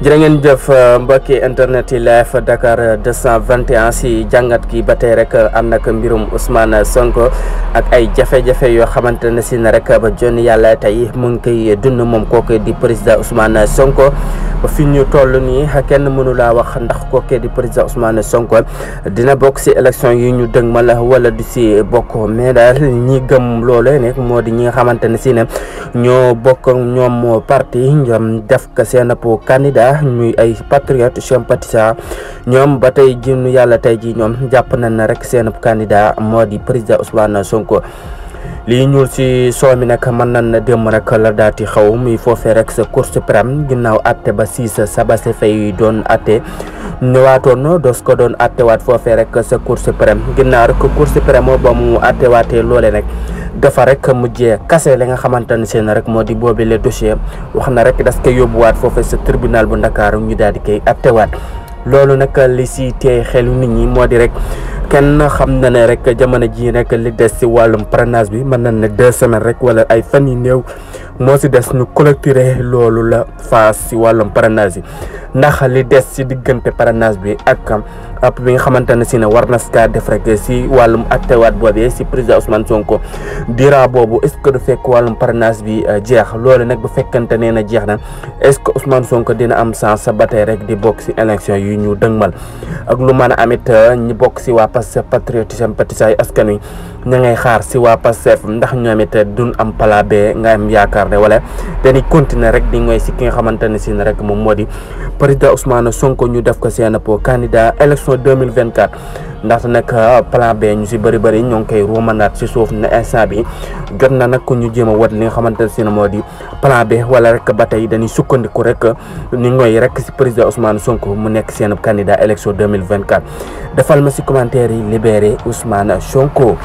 jërë ngeen jëf euh, mbokki internet yi live Dakar 221 si jàngat gi ba tey rek ànd ak mbirum Ousmane Sonko ak ay jafe-jafe yoo xamante ne si ne rek ba jon yàlla tey mu ngi koy dund moom kooku di président Ousmane Sonko fi ñu toll nii kenn mënu laa wax ndax kooku di président Ousmane Sonko dina bokk si élection yi ñu dëgmal wala du si bokk mais ñi gëm loole nekk moo di ñi nga xamante ne si ne ñoo bokk ñoom parti ñoom def ko seen candidat ñuy ay patriote sympathisant ñoom ba tey jinnu yàlla tey ji ñoom jàpp nañ na rek seen candidat moo di président Ousmane Sonko lii ñuul si soo mi nag mën nañ na démb rek la daati xaw muy foofee rek sa cour suprême ginnaaw atte ba siis Sabassy Faye doon atte ñëwaatoon dos ko doon attewaat foofee rek sa cour suprême ginnaaw rek cour suprême ba mu attewaatee loole nag dafa rek mujjee kase li nga xamante ne seen rek moo di boobile dossier wax na rek das ko yóbbuwaat foofee sa tribunal bu Ndakaaru ñu daal di koy attewaat loolu nag li si tey xelu nit ñi moo di rek kenn xam na ne rek jamono jii rek li des si wàllum parrainage bi mën na ne deux semaines rek wala ay fan yu néew moo si des ñu collecté loolu la faas si wàllum parrainage yi ndax li des si diggante parrainage bi ak app bi nga xamante ne si ne war na ska def rek si wàllum attewaat boobee si président Ousmane Sonko dira boobu est ce que du fekk wàllum parrainage bi euh, jeex loolu nag bu fekkante nee na jeex na est ce que ausman Sonko dina am sens sa ba tey rek di bokk si élection yu ñu dëgmal ak lu mën a amit euh, ñu bokk si waa Pastef patriotisme patisaay askan wi ña ngay xaar si waa Pastef ndax ñoom it duñ am pala bee nga am yaakaar ne wala dañuy continuer rek di ngoy si ki nga xamante ne si rek moom moo di président Ousmane Sonko ñu def ko seen candidat élection 2024 ndax nag euh, plan B ñu si bëri bëri ñoo ngi koy ruumanaat si suuf ne instant bi jot na nag ñu jéem a wat ni nga xamante ne si moo di plan B wala rek ba tey dañuy sukkandiku rek ni ñooy rek si président Ousmane Sonko mu nekk seen candidat élection 2024 defal ma si commentaire yi libéré Ousmane Sonko.